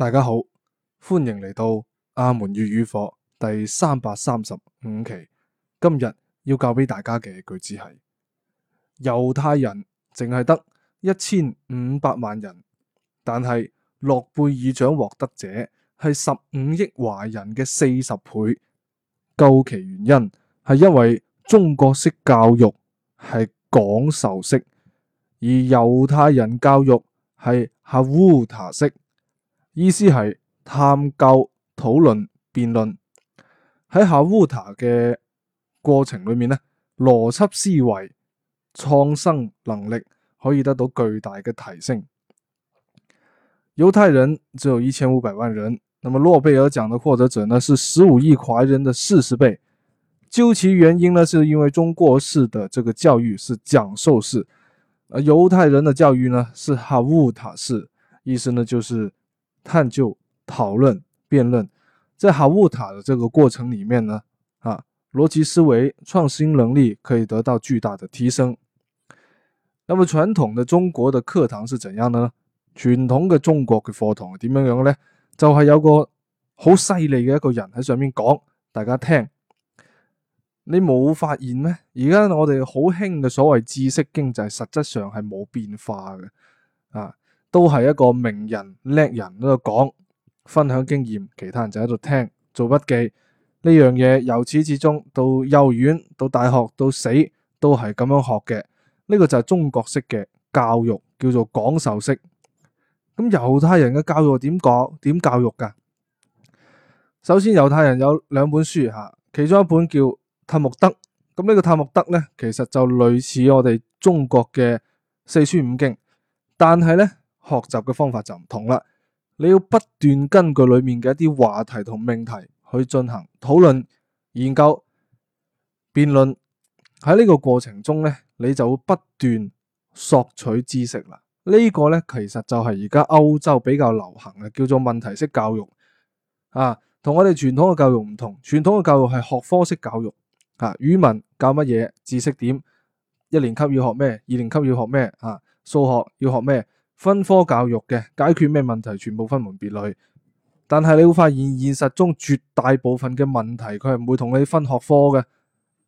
大家好，歡迎嚟到阿門粵語課第三百三十五期。今日要教俾大家嘅句子係：猶太人淨係得一千五百萬人，但係諾貝爾獎獲得者係十五億華人嘅四十倍。究其原因，係因為中國式教育係講授式，而猶太人教育係哈烏塔式。意思係探究、討論、辯論，喺哈烏塔嘅過程裏面呢，邏輯思維、創新能力可以得到巨大嘅提升。猶太人只有一千五百萬人，那麼諾貝爾獎的獲得者呢，是十五億華人的四十倍。究其原因呢，是因為中國式的這個教育是講授式，而猶太人的教育呢，是哈烏塔式，意思呢就是。探究、討論、辯論，即係在哈烏塔嘅這個過程裏面呢，啊，邏輯思維、創新能力可以得到巨大嘅提升。那麼傳統嘅中國嘅課堂是怎樣呢？傳統嘅中國嘅課堂係點樣樣咧？就係、是、有個好犀利嘅一個人喺上面講，大家聽。你冇發現咩？而家我哋好興嘅所謂知識經濟，實質上係冇變化嘅，啊。都係一個名人叻人喺度講，分享經驗，其他人就喺度聽做筆記。呢樣嘢由始至終，到幼兒園，到大學，到死都係咁樣學嘅。呢個就係中國式嘅教育，叫做講授式。咁猶太人嘅教育點講？點教育噶？首先，猶太人有兩本書吓，其中一本叫《塔木德》。咁呢個《塔木德》咧，其實就類似我哋中國嘅四書五經，但係咧，學習嘅方法就唔同啦，你要不斷根據裏面嘅一啲話題同命題去進行討論、研究、辯論。喺呢個過程中咧，你就會不斷索取知識啦。這個、呢個咧其實就係而家歐洲比較流行嘅叫做問題式教育啊，同我哋傳統嘅教育唔同。傳統嘅教育係學科式教育啊，語文教乜嘢知識點？一年級要學咩？二年級要學咩？啊，數學要學咩？啊分科教育嘅解決咩問題，全部分門別類。但係你會發現，現實中絕大部分嘅問題，佢係唔會同你分學科嘅。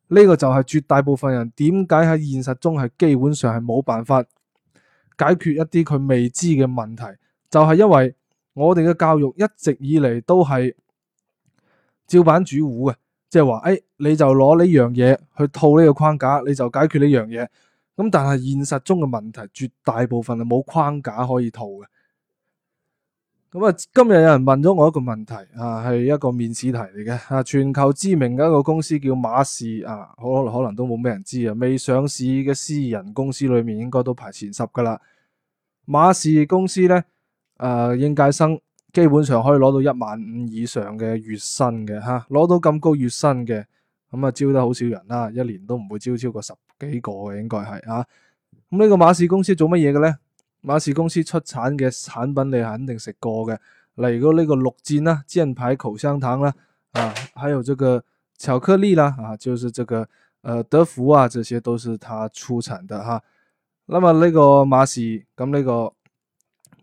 呢個就係絕大部分人點解喺現實中係基本上係冇辦法解決一啲佢未知嘅問題，就係因為我哋嘅教育一直以嚟都係照板煮碗嘅，即係話，誒，你就攞呢樣嘢去套呢個框架，你就解決呢樣嘢。咁但係現實中嘅問題，絕大部分係冇框架可以套嘅。咁啊，今日有人問咗我一個問題啊，係一個面試題嚟嘅。啊，全球知名嘅一個公司叫馬氏，啊，好可，可能都冇咩人知啊。未上市嘅私人公司裏面，應該都排前十噶啦。馬氏公司咧，誒應屆生基本上可以攞到一萬五以上嘅月薪嘅，吓、啊、攞到咁高月薪嘅。咁啊、嗯，招得好少人啦、啊，一年都唔會招超過十幾個嘅，應該係啊。咁、嗯、呢、這個馬氏公司做乜嘢嘅咧？馬氏公司出產嘅產品你肯定食過嘅，例如呢個六箭綠箭啦、啊、箭牌口香糖啦、啊，啊，還有這個巧克力啦、啊，啊，就是這個誒、呃、德芙啊，這些都是佢出產的哈、啊。那麼呢個馬氏咁呢、嗯這個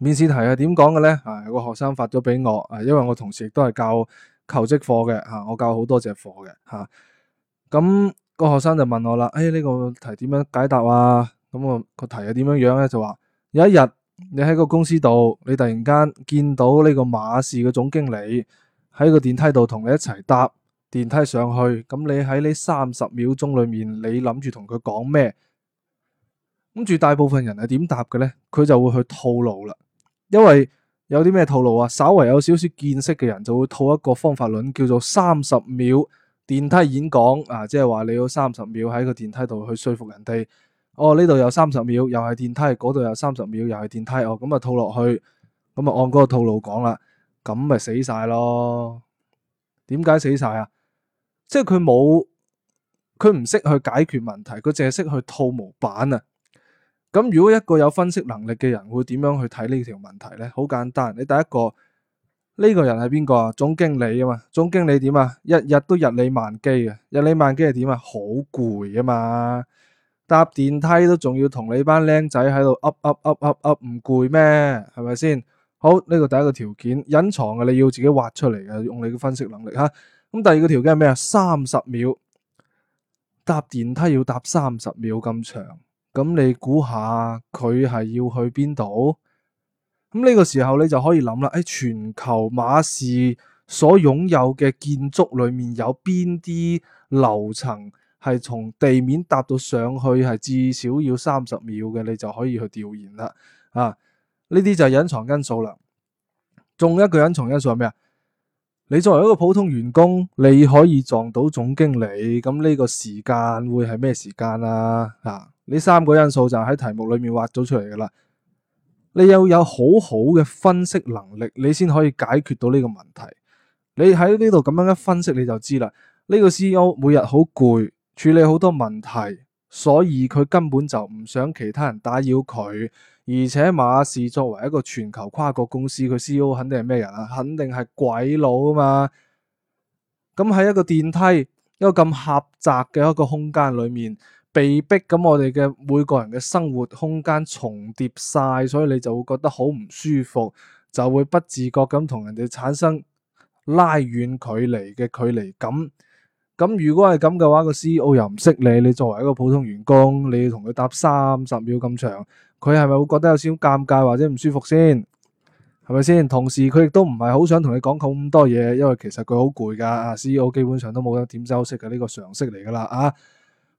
面試題係點講嘅咧？啊，有個學生發咗俾我，啊，因為我同時亦都係教求職課嘅，吓、啊，我教好多隻課嘅，吓、啊。咁個學生就問我啦，誒、哎、呢、這個題點樣解答啊？咁、那、我個題又點樣樣咧？就話有一日你喺個公司度，你突然間見到呢個馬士嘅總經理喺個電梯度同你一齊搭電梯上去，咁你喺呢三十秒鐘裏面，你諗住同佢講咩？咁住大部分人係點答嘅咧？佢就會去套路啦，因為有啲咩套路啊？稍為有少少見識嘅人就會套一個方法論，叫做三十秒，電梯演講啊，即係話你要三十秒喺個電梯度去說服人哋。哦，呢度有三十秒，又係電梯；嗰度有三十秒，又係電梯。哦，咁啊套落去，咁啊按嗰個套路講啦，咁咪死晒咯。點解死晒啊？即係佢冇，佢唔識去解決問題，佢淨係識去套模板啊。咁如果一個有分析能力嘅人會點樣去睇呢條問題咧？好簡單，你第一個。呢個人係邊個啊？總經理啊嘛，總經理點啊？日日都日理萬機嘅，日理萬機係點啊？好攰啊嘛，搭電梯都仲要同你班僆仔喺度噏噏噏噏噏，唔攰咩？係咪先？好，呢、這個第一個條件，隱藏嘅你要自己挖出嚟嘅，用你嘅分析能力嚇。咁、嗯、第二個條件係咩啊？三十秒搭電梯要搭三十秒咁長，咁你估下佢係要去邊度？咁呢個時候你就可以諗啦，喺、哎、全球馬士所擁有嘅建築裏面有邊啲樓層係從地面搭到上去係至少要三十秒嘅，你就可以去調研啦。啊，呢啲就係隱藏因素啦。仲一個隱藏因素係咩啊？你作為一個普通員工，你可以撞到總經理，咁呢個時間會係咩時間啊？啊，呢三個因素就喺題目裏面挖咗出嚟噶啦。你要有好好嘅分析能力，你先可以解決到呢個問題。你喺呢度咁樣一分析，你就知啦。呢個 CEO 每日好攰，處理好多問題，所以佢根本就唔想其他人打擾佢。而且馬士作為一個全球跨國公司，佢 CEO 肯定係咩人啊？肯定係鬼佬啊嘛。咁喺一個電梯，一個咁狹窄嘅一個空間裏面。被逼咁，我哋嘅每個人嘅生活空間重疊晒，所以你就會覺得好唔舒服，就會不自覺咁同人哋產生拉遠距離嘅距離感。咁如果係咁嘅話，個 CEO 又唔識你，你作為一個普通員工，你要同佢搭三十秒咁長，佢係咪會覺得有少少尷尬或者唔舒服先？係咪先？同時佢亦都唔係好想同你講咁多嘢，因為其實佢好攰噶，啊 CEO 基本上都冇得點休息嘅呢個常識嚟噶啦啊。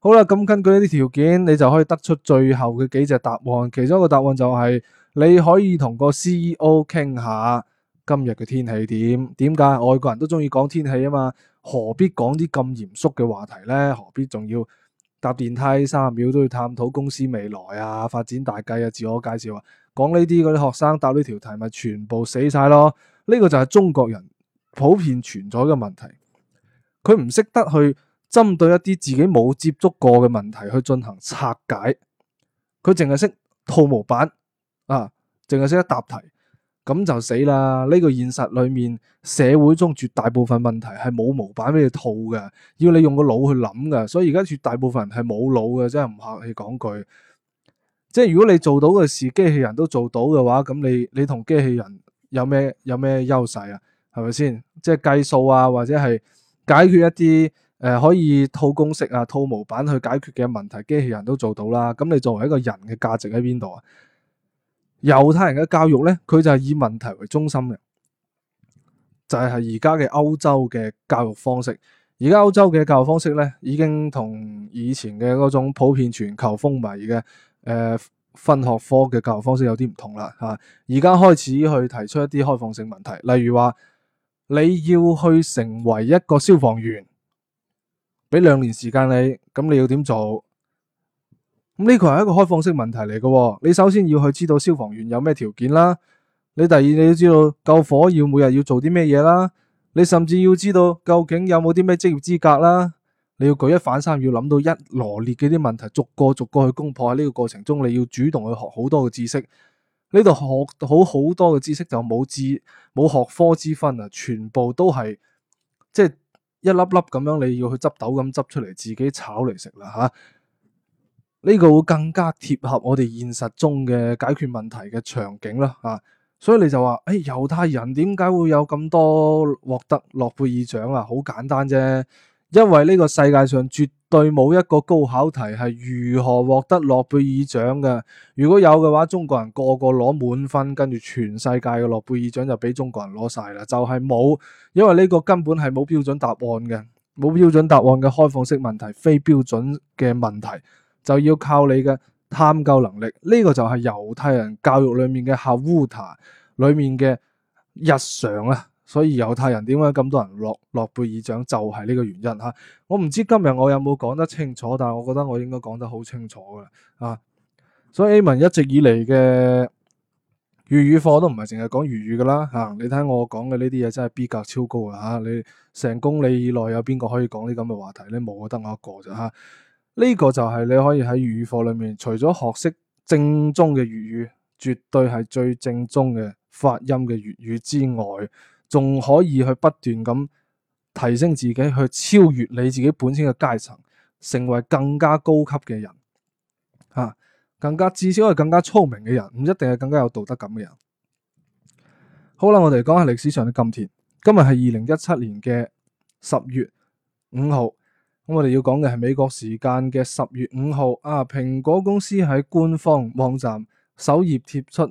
好啦，咁根據呢啲條件，你就可以得出最後嘅幾隻答案。其中一個答案就係、是，你可以同個 CEO 傾下今日嘅天氣點？點解外國人都中意講天氣啊嘛？何必講啲咁嚴肅嘅話題呢？何必仲要搭電梯三十秒都要探討公司未來啊、發展大計啊、自我介紹啊？講呢啲嗰啲學生答呢條題咪全部死晒咯？呢、這個就係中國人普遍存在嘅問題，佢唔識得去。針對一啲自己冇接觸過嘅問題去進行拆解，佢淨係識套模板啊，淨係識得答題，咁就死啦！呢個現實裏面，社會中絕大部分問題係冇模板俾你套嘅，要你用個腦去諗嘅。所以而家絕大部分人係冇腦嘅，真係唔客氣講句。即係如果你做到嘅事，機器人都做到嘅話，咁你你同機器人有咩有咩優勢啊？係咪先？即係計數啊，或者係解決一啲。誒、呃、可以套公式啊、套模板去解決嘅問題，機器人都做到啦。咁你作為一個人嘅價值喺邊度啊？猶太人嘅教育咧，佢就係以問題為中心嘅，就係而家嘅歐洲嘅教育方式。而家歐洲嘅教育方式咧，已經同以前嘅嗰種普遍全球風靡嘅誒分學科嘅教育方式有啲唔同啦。嚇、啊，而家開始去提出一啲開放性問題，例如話你要去成為一個消防員。俾兩年時間你，咁你要點做？呢個係一個開放式問題嚟嘅。你首先要去知道消防員有咩條件啦。你第二，你要知道救火要每日要做啲咩嘢啦。你甚至要知道究竟有冇啲咩職業資格啦。你要舉一反三，要諗到一羅列嘅啲問題，逐個逐個去攻破。喺呢個過程中，你要主動去學好多嘅知識。呢度學好好多嘅知識就冇知冇學科之分啊，全部都係即係。一粒粒咁樣，你要去執豆咁執出嚟，自己炒嚟食啦吓。呢個會更加貼合我哋現實中嘅解決問題嘅場景啦吓。所以你就話，誒，猶太人點解會有咁多獲得諾貝爾獎啊？好簡單啫。因為呢個世界上絕對冇一個高考題係如何獲得諾貝爾獎嘅。如果有嘅話，中國人個個攞滿分，跟住全世界嘅諾貝爾獎就俾中國人攞晒啦。就係、是、冇，因為呢個根本係冇標準答案嘅，冇標準答案嘅開放式問題、非標準嘅問題，就要靠你嘅探究能力。呢、這個就係猶太人教育裏面嘅哈烏塔裏面嘅日常啊。所以猶太人點解咁多人落諾貝爾獎就係呢個原因嚇。我唔知今日我有冇講得清楚，但係我覺得我應該講得好清楚嘅啊。所以阿門一直以嚟嘅粵語課都唔係淨係講粵語噶啦嚇。你睇我講嘅呢啲嘢真係 B 格超高啊嚇！你成公里以內有邊個可以講啲咁嘅話題咧？冇得我一個啫嚇。呢個就係你可以喺粵語課裡面，除咗學識正宗嘅粵語，絕對係最正宗嘅發音嘅粵語之外。仲可以去不斷咁提升自己，去超越你自己本身嘅階層，成為更加高級嘅人，啊，更加至少係更加聰明嘅人，唔一定係更加有道德感嘅人。好啦，我哋講下歷史上嘅今天，今日係二零一七年嘅十月五號，咁我哋要講嘅係美國時間嘅十月五號，啊，蘋果公司喺官方網站首頁貼出。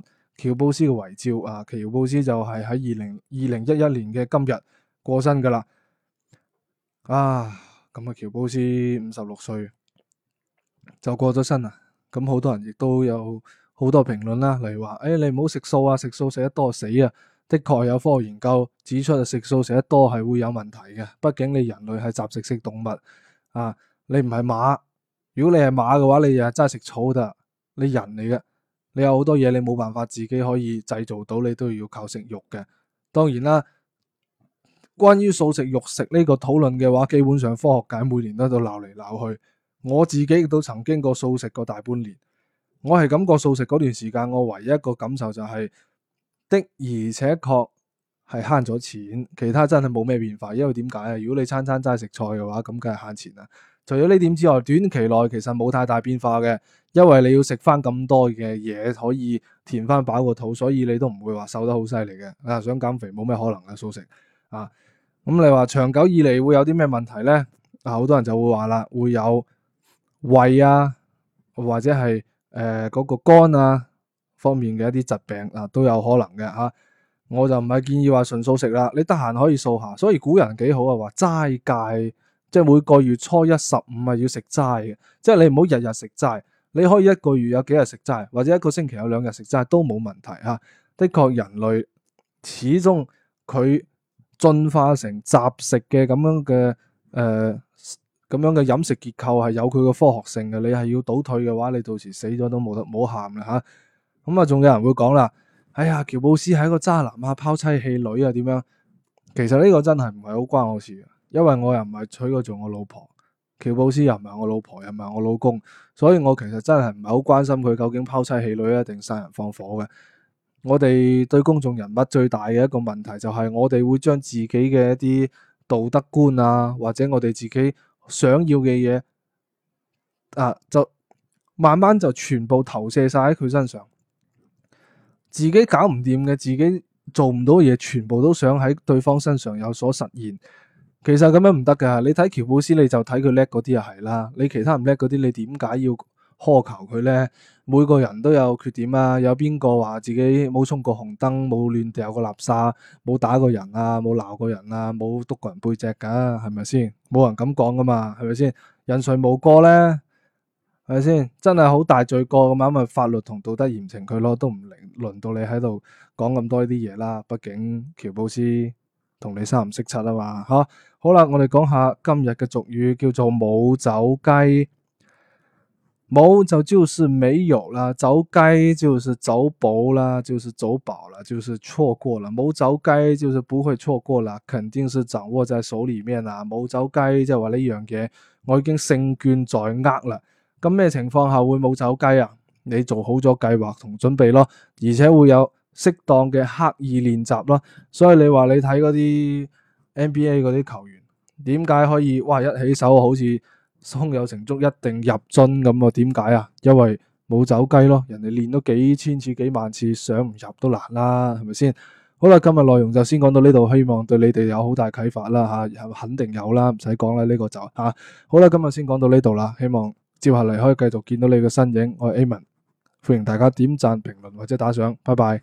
喬布斯嘅遺照啊，喬布斯就係喺二零二零一一年嘅今日過身噶啦，啊，咁啊喬布斯五十六歲就過咗身啦，咁好多人亦都有好多評論啦，例如話，誒、哎，你唔好食素啊，食素食得多死啊！的確有科學研究指出，食素食得多係會有問題嘅，畢竟你人類係雜食性動物啊，你唔係馬，如果你係馬嘅話，你又真係食草得，你人嚟嘅。你有好多嘢，你冇辦法自己可以製造到,你都要靠食肉嘅。當然啦，關於素食肉食呢個討論嘅話，基本上科學界每年都喺度鬧嚟鬧去。我自己亦都曾經過素食過大半年，我係感覺素食嗰段時間，我唯一,一個感受就係、是、的而且確係慳咗錢，其他真係冇咩變化。因為點解啊？如果你餐餐齋食菜嘅話，咁梗係慳錢啦。除咗呢點之外，短期內其實冇太大變化嘅，因為你要食翻咁多嘅嘢可以填翻飽個肚，所以你都唔會話瘦得好犀利嘅。啊，想減肥冇咩可能嘅，素食啊。咁、嗯、你話長久以嚟會有啲咩問題咧？啊，好多人就會話啦，會有胃啊，或者係誒嗰個肝啊方面嘅一啲疾病啊都有可能嘅嚇、啊。我就唔係建議話純素食啦，你得閒可以素下。所以古人幾好啊，話齋戒。即係每個月初一十五係，要食齋嘅。即係你唔好日日食齋，你可以一個月有幾日食齋，或者一個星期有兩日食齋都冇問題嚇。的確人類始終佢進化成雜食嘅，咁樣嘅，誒咁樣嘅飲食結構係有佢嘅科學性嘅。你係要倒退嘅話，你到時死咗都冇得冇喊啦嚇。咁啊，仲、嗯、有人會講啦，哎呀，喬布斯係一個渣男啊，拋妻棄女啊點樣？其實呢個真係唔係好關我事。因為我又唔係娶佢做我老婆，喬布斯又唔係我老婆，又唔係我老公，所以我其實真係唔係好關心佢究竟拋妻棄女啊定殺人放火嘅。我哋對公眾人物最大嘅一個問題就係我哋會將自己嘅一啲道德觀啊，或者我哋自己想要嘅嘢啊，就慢慢就全部投射晒喺佢身上。自己搞唔掂嘅，自己做唔到嘅嘢，全部都想喺對方身上有所實現。其實咁樣唔得噶，你睇喬布斯，你就睇佢叻嗰啲又係啦，你其他唔叻嗰啲，你點解要苛求佢咧？每個人都有缺點啊，有邊個話自己冇衝過紅燈，冇亂掉個垃圾，冇打過人啊，冇鬧過人啊，冇督過人背脊噶，係咪先？冇人咁講噶嘛，係咪先？人誰冇過咧，係咪先？真係好大罪過咁嘛！因為法律同道德嚴懲佢咯，都唔輪到你喺度講咁多呢啲嘢啦。畢竟喬布斯同你三唔識七啊嘛，吓、啊。好啦，我哋講下今日嘅俗語，叫做冇走雞。冇就就係冇啦，走雞就係走寶啦，就是走寶啦，就是錯過了。冇走雞就是不會錯過了，肯定是掌握在手裏面啦。冇走雞即係話呢樣嘢，我已經勝券在握啦。咁咩情況下會冇走雞啊？你做好咗計劃同準備咯，而且會有適當嘅刻意練習咯。所以你話你睇嗰啲。NBA 嗰啲球員點解可以哇一起手好似胸有成竹一定入樽咁啊？點解啊？因為冇走雞咯，人哋練咗幾千次幾萬次，想唔入都難啦，係咪先？好啦，今日內容就先講到呢度，希望對你哋有好大啟發啦吓、啊，肯定有啦，唔使講啦，呢、呢個就吓、啊。好啦，今日先講到呢度啦，希望接下嚟可以繼續見到你嘅身影。我係 Amen，歡迎大家點讚、評論或者打賞，拜拜。